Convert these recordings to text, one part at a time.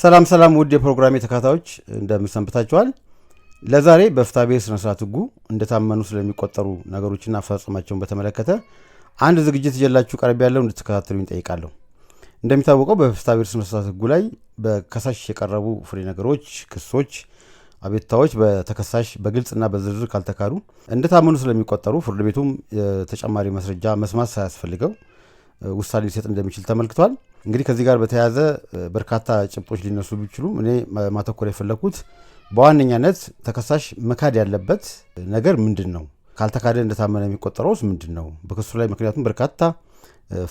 ሰላም ሰላም፣ ውድ የፕሮግራሜ ተከታታዮች እንደምሰንብታችኋል። ለዛሬ በፍትሐ ብሔር ስነስርዓት ህጉ እንደታመኑ ስለሚቆጠሩ ነገሮችና አፈጻጸማቸውን በተመለከተ አንድ ዝግጅት እጀላችሁ ቀረብ ያለው እንድትከታተሉ ይጠይቃለሁ። እንደሚታወቀው በፍትሐ ብሔር ስነስርዓት ሕጉ ላይ በከሳሽ የቀረቡ ፍሬ ነገሮች፣ ክሶች፣ አቤቱታዎች በተከሳሽ በግልጽና በዝርዝር ካልተካዱ እንደታመኑ ስለሚቆጠሩ ፍርድ ቤቱም ተጨማሪ ማስረጃ መስማት ሳያስፈልገው ውሳኔ ሊሰጥ እንደሚችል ተመልክቷል። እንግዲህ ከዚህ ጋር በተያያዘ በርካታ ጭብጦች ሊነሱ ቢችሉም እኔ ማተኮር የፈለግኩት በዋነኛነት ተከሳሽ መካድ ያለበት ነገር ምንድን ነው? ካልተካደ እንደታመነ የሚቆጠረውስ ምንድን ነው? በክሱ ላይ ምክንያቱም በርካታ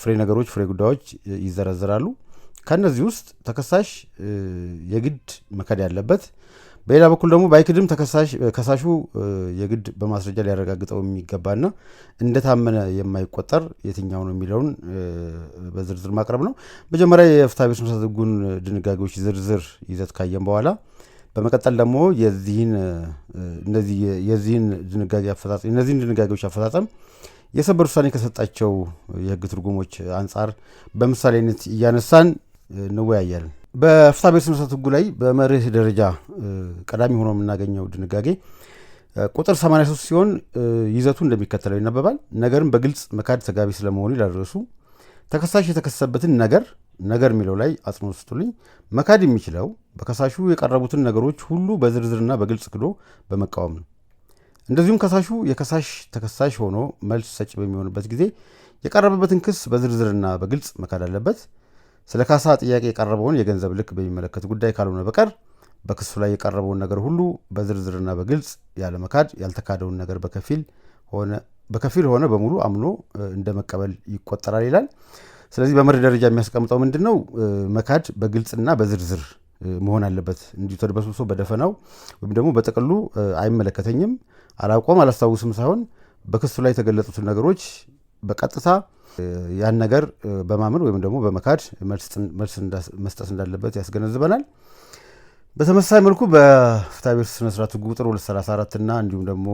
ፍሬ ነገሮች ፍሬ ጉዳዮች ይዘረዝራሉ። ከእነዚህ ውስጥ ተከሳሽ የግድ መካድ ያለበት በሌላ በኩል ደግሞ ባይክድም ከሳሹ የግድ በማስረጃ ሊያረጋግጠው የሚገባና እንደታመነ የማይቆጠር የትኛው ነው የሚለውን በዝርዝር ማቅረብ ነው። መጀመሪያ የፍትሐ ብሔር ስርዓተ ሕጉን ድንጋጌዎች ዝርዝር ይዘት ካየን በኋላ በመቀጠል ደግሞ የዚህን እነዚህን ድንጋጌዎች አፈጻጸም የሰበር ውሳኔ ከሰጣቸው የህግ ትርጉሞች አንጻር በምሳሌነት እያነሳን እንወያያለን። በፍትሐ ብሔር ስነስርዓት ህጉ ላይ በመርህ ደረጃ ቀዳሚ ሆኖ የምናገኘው ድንጋጌ ቁጥር 83 ሲሆን ይዘቱ እንደሚከተለው ይነበባል። ነገርን በግልጽ መካድ ተገቢ ስለመሆኑ ይላደረሱ ተከሳሽ የተከሰሰበትን ነገር ነገር የሚለው ላይ አጽንኦት ስጡልኝ። መካድ የሚችለው በከሳሹ የቀረቡትን ነገሮች ሁሉ በዝርዝርና በግልጽ ክዶ በመቃወም ነው። እንደዚሁም ከሳሹ የከሳሽ ተከሳሽ ሆኖ መልስ ሰጭ በሚሆንበት ጊዜ የቀረበበትን ክስ በዝርዝርና በግልጽ መካድ አለበት። ስለ ካሳ ጥያቄ የቀረበውን የገንዘብ ልክ በሚመለከት ጉዳይ ካልሆነ በቀር በክሱ ላይ የቀረበውን ነገር ሁሉ በዝርዝርና በግልጽ ያለመካድ ያልተካደውን ነገር በከፊል ሆነ በሙሉ አምኖ እንደ መቀበል ይቆጠራል ይላል። ስለዚህ በመሪ ደረጃ የሚያስቀምጠው ምንድን ነው? መካድ በግልጽና በዝርዝር መሆን አለበት። እንዲሁ ተድበስብሶ በደፈናው ወይም ደግሞ በጥቅሉ አይመለከተኝም፣ አላውቆም፣ አላስታውስም ሳይሆን በክሱ ላይ የተገለጡትን ነገሮች በቀጥታ ያን ነገር በማመን ወይም ደግሞ በመካድ መልስ መስጠት እንዳለበት ያስገነዝበናል። በተመሳሳይ መልኩ በፍትሐ ስነስርዓት ስነ ቁጥር 234 እና እንዲሁም ደግሞ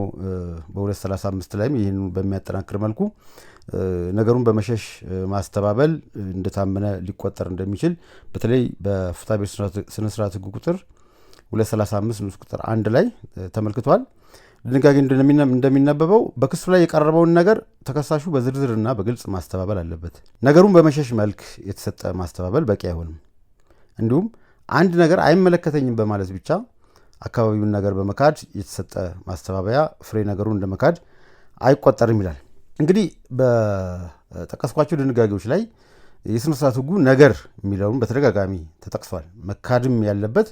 በ235 ላይም ይህን በሚያጠናክር መልኩ ነገሩን በመሸሽ ማስተባበል እንደታመነ ሊቆጠር እንደሚችል በተለይ በፍትሐ ብሔር ስነ ቁጥር 235 ንዑስ ቁጥር አንድ ላይ ተመልክቷል። ድንጋጌ እንደሚነበበው በክሱ ላይ የቀረበውን ነገር ተከሳሹ በዝርዝርና በግልጽ ማስተባበል አለበት። ነገሩን በመሸሽ መልክ የተሰጠ ማስተባበል በቂ አይሆንም። እንዲሁም አንድ ነገር አይመለከተኝም በማለት ብቻ አካባቢውን ነገር በመካድ የተሰጠ ማስተባበያ ፍሬ ነገሩን እንደ መካድ አይቆጠርም ይላል። እንግዲህ በጠቀስኳቸው ድንጋጌዎች ላይ የስነስርዓት ህጉ ነገር የሚለውን በተደጋጋሚ ተጠቅሷል። መካድም ያለበት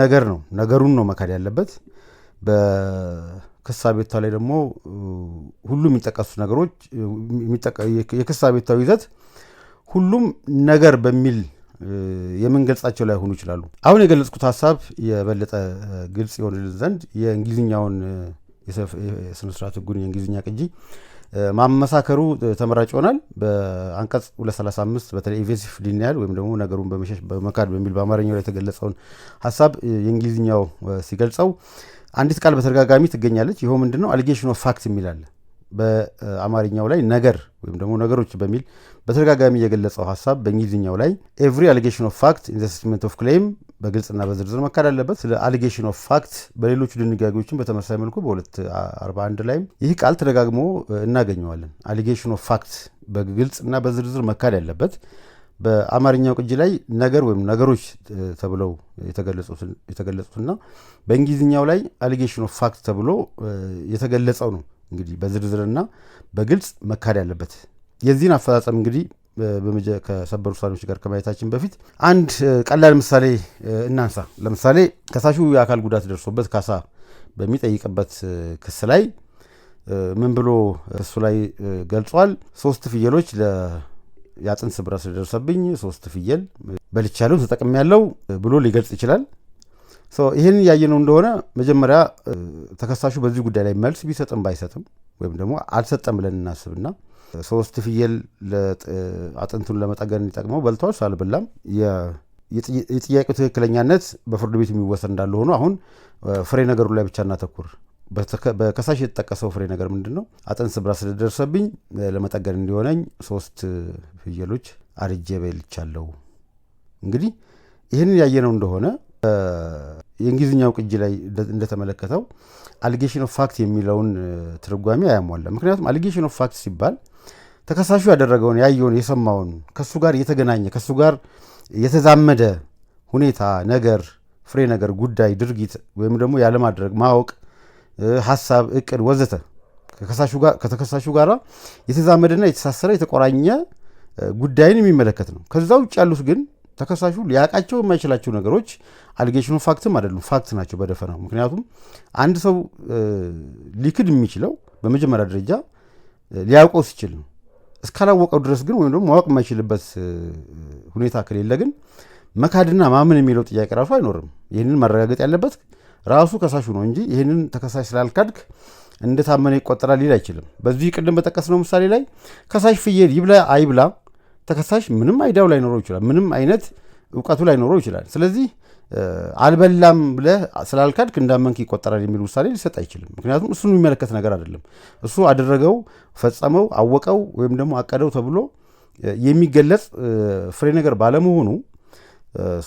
ነገር ነው። ነገሩን ነው መካድ ያለበት። በክስ አቤቱታ ላይ ደግሞ ሁሉም የሚጠቀሱ ነገሮች የክስ አቤቱታዊ ይዘት ሁሉም ነገር በሚል የምንገልጻቸው ላይሆኑ ይችላሉ። አሁን የገለጽኩት ሀሳብ የበለጠ ግልጽ የሆንልን ዘንድ የእንግሊዝኛውን የስነስርዓት ህጉን የእንግሊዝኛ ቅጂ ማመሳከሩ ተመራጭ ይሆናል። በአንቀጽ 235 በተለይ ኢንቬንሲቭ ሊኒያል ወይም ደግሞ ነገሩን በመሸሽ በመካድ በሚል በአማርኛው ላይ የተገለጸውን ሀሳብ የእንግሊዝኛው ሲገልጸው አንዲት ቃል በተደጋጋሚ ትገኛለች። ይኸው ምንድነው አሊጌሽን ኦፍ ፋክት የሚላለ በአማርኛው ላይ ነገር ወይም ደግሞ ነገሮች በሚል በተደጋጋሚ የገለጸው ሀሳብ በእንግሊዝኛው ላይ ኤቭሪ አሊጌሽን ኦፍ ፋክት ኢን ዘ ስቴትመንት ኦፍ ክሌም በግልጽና በዝርዝር መካድ አለበት። ስለ አሊጌሽን ኦፍ ፋክት በሌሎቹ ድንጋጌዎችን በተመሳሳይ መልኩ በ241 ላይም ይህ ቃል ተደጋግሞ እናገኘዋለን። አሊጌሽን ኦፍ ፋክት በግልጽና በዝርዝር መካድ ያለበት በአማርኛው ቅጂ ላይ ነገር ወይም ነገሮች ተብለው የተገለጹትና በእንግሊዝኛው ላይ አሊጌሽን ኦፍ ፋክት ተብሎ የተገለጸው ነው እንግዲህ በዝርዝርና በግልጽ መካድ ያለበት የዚህን አፈጻጸም እንግዲህ ከሰበር ውሳኔዎች ጋር ከማየታችን በፊት አንድ ቀላል ምሳሌ እናንሳ። ለምሳሌ ከሳሹ የአካል ጉዳት ደርሶበት ካሳ በሚጠይቅበት ክስ ላይ ምን ብሎ እሱ ላይ ገልጿል? ሶስት ፍየሎች የአጥንት ስብራት ስለደረሰብኝ ሶስት ፍየል በልቻለሁ ተጠቅሜያለሁ ብሎ ሊገልጽ ይችላል። ይህን እያየነው እንደሆነ መጀመሪያ ተከሳሹ በዚህ ጉዳይ ላይ መልስ ቢሰጥም ባይሰጥም ወይም ደግሞ አልሰጠም ብለን እናስብና ሶስት ፍየል አጥንቱን ለመጠገን ይጠቅመው በልተዋል ሳልበላም የጥያቄው ትክክለኛነት በፍርድ ቤት የሚወሰድ እንዳለ ሆኖ አሁን ፍሬ ነገሩ ላይ ብቻ እናተኩር። በከሳሽ የተጠቀሰው ፍሬ ነገር ምንድን ነው? አጥንት ስብራ ስለደረሰብኝ ለመጠገን እንዲሆነኝ ሶስት ፍየሎች አርጄ በልቻለሁ። እንግዲህ ይህንን ያየነው እንደሆነ የእንግሊዝኛው ቅጂ ላይ እንደተመለከተው አሊጌሽን ኦፍ ፋክት የሚለውን ትርጓሜ አያሟላም። ምክንያቱም አሊጌሽን ኦፍ ፋክት ሲባል ተከሳሹ ያደረገውን፣ ያየውን፣ የሰማውን ከሱ ጋር የተገናኘ ከሱ ጋር የተዛመደ ሁኔታ፣ ነገር፣ ፍሬ ነገር፣ ጉዳይ፣ ድርጊት ወይም ደግሞ ያለማድረግ፣ ማወቅ፣ ሀሳብ፣ እቅድ ወዘተ ከተከሳሹ ጋር የተዛመደና የተሳሰረ የተቆራኘ ጉዳይን የሚመለከት ነው። ከዛ ውጭ ያሉት ግን ተከሳሹ ሊያውቃቸው የማይችላቸው ነገሮች አሊጌሽኑ ፋክትም አይደሉም፣ ፋክት ናቸው በደፈናው። ምክንያቱም አንድ ሰው ሊክድ የሚችለው በመጀመሪያ ደረጃ ሊያውቀው ሲችል ነው። እስካላወቀው ድረስ ግን ወይም ደግሞ ማወቅ የማይችልበት ሁኔታ ከሌለ ግን መካድና ማመን የሚለው ጥያቄ ራሱ አይኖርም። ይህንን ማረጋገጥ ያለበት ራሱ ከሳሹ ነው እንጂ ይህንን ተከሳሽ ስላልካድክ እንደታመነ ይቆጠራል ሊል አይችልም። በዚህ ቅድም በጠቀስነው ምሳሌ ላይ ከሳሽ ፍየል ይብላ አይብላ ተከሳሽ ምንም አይዲያው ላይኖረው ይችላል። ምንም አይነት እውቀቱ ላይኖረው ይችላል። ስለዚህ አልበላም ብለህ ስላልካድክ እንዳመንክ ይቆጠራል የሚል ውሳኔ ሊሰጥ አይችልም። ምክንያቱም እሱን የሚመለከት ነገር አይደለም። እሱ አደረገው፣ ፈጸመው፣ አወቀው ወይም ደግሞ አቀደው ተብሎ የሚገለጽ ፍሬ ነገር ባለመሆኑ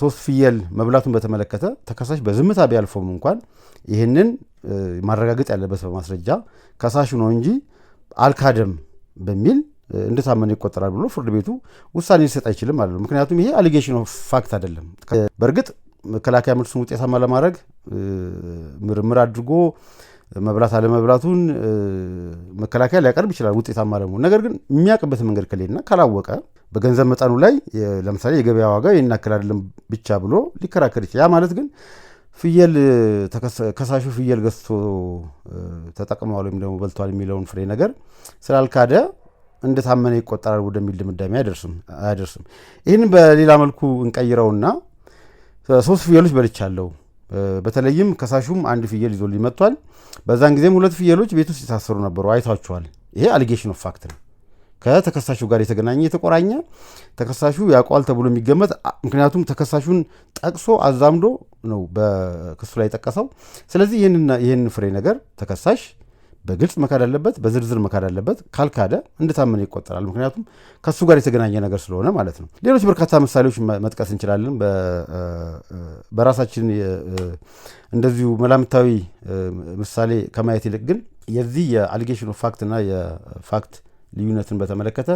ሶስት ፍየል መብላቱን በተመለከተ ተከሳሽ በዝምታ ቢያልፎም እንኳን ይህንን ማረጋገጥ ያለበት በማስረጃ ከሳሹ ነው እንጂ አልካደም በሚል እንደታመነ ይቆጠራል ብሎ ፍርድ ቤቱ ውሳኔ ሊሰጥ አይችልም ማለት ነው። ምክንያቱም ይሄ አሊጌሽን ኦፍ ፋክት አይደለም። በእርግጥ መከላከያ መልሱን ውጤታማ ለማድረግ ምርምር አድርጎ መብላት አለመብላቱን መከላከያ ሊያቀርብ ይችላል ውጤታማ ለመሆን። ነገር ግን የሚያውቅበት መንገድ ከሌለና ካላወቀ በገንዘብ መጠኑ ላይ ለምሳሌ የገበያ ዋጋ ይህን አይደለም ብቻ ብሎ ሊከራከር ይችላል። ያ ማለት ግን ፍየል ከሳሹ ፍየል ገዝቶ ተጠቅመዋል ወይም ደግሞ በልቷል የሚለውን ፍሬ ነገር ስላልካደ እንደታመነ ይቆጠራል ወደሚል ድምዳሜ አያደርስም። ይህን በሌላ መልኩ እንቀይረውና ሶስት ፍየሎች በልቻለሁ። በተለይም ከሳሹም አንድ ፍየል ይዞ ሊመጥቷል። በዛን ጊዜም ሁለት ፍየሎች ቤት ውስጥ የታሰሩ ነበሩ፣ አይቷቸዋል። ይሄ አሊጌሽን ኦፍ ፋክት ነው። ከተከሳሹ ጋር የተገናኘ የተቆራኘ ተከሳሹ ያውቀዋል ተብሎ የሚገመት ምክንያቱም ተከሳሹን ጠቅሶ አዛምዶ ነው በክሱ ላይ ጠቀሰው። ስለዚህ ይህን ፍሬ ነገር ተከሳሽ በግልጽ መካድ አለበት፣ በዝርዝር መካድ አለበት። ካልካደ እንደታመነ ይቆጠራል። ምክንያቱም ከሱ ጋር የተገናኘ ነገር ስለሆነ ማለት ነው። ሌሎች በርካታ ምሳሌዎች መጥቀስ እንችላለን። በራሳችን እንደዚሁ መላምታዊ ምሳሌ ከማየት ይልቅ ግን የዚህ የአሊጌሽን ኦፍ ፋክት እና የፋክት ልዩነትን በተመለከተ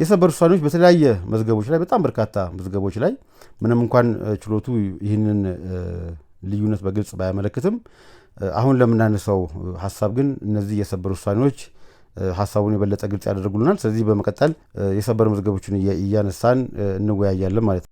የሰበር ውሳኔዎች በተለያየ መዝገቦች ላይ በጣም በርካታ መዝገቦች ላይ ምንም እንኳን ችሎቱ ይህንን ልዩነት በግልጽ ባያመለክትም አሁን ለምናነሳው ሀሳብ ግን እነዚህ የሰበር ውሳኔዎች ሀሳቡን የበለጠ ግልጽ ያደርጉልናል። ስለዚህ በመቀጠል የሰበር መዝገቦችን እያነሳን እንወያያለን ማለት ነው።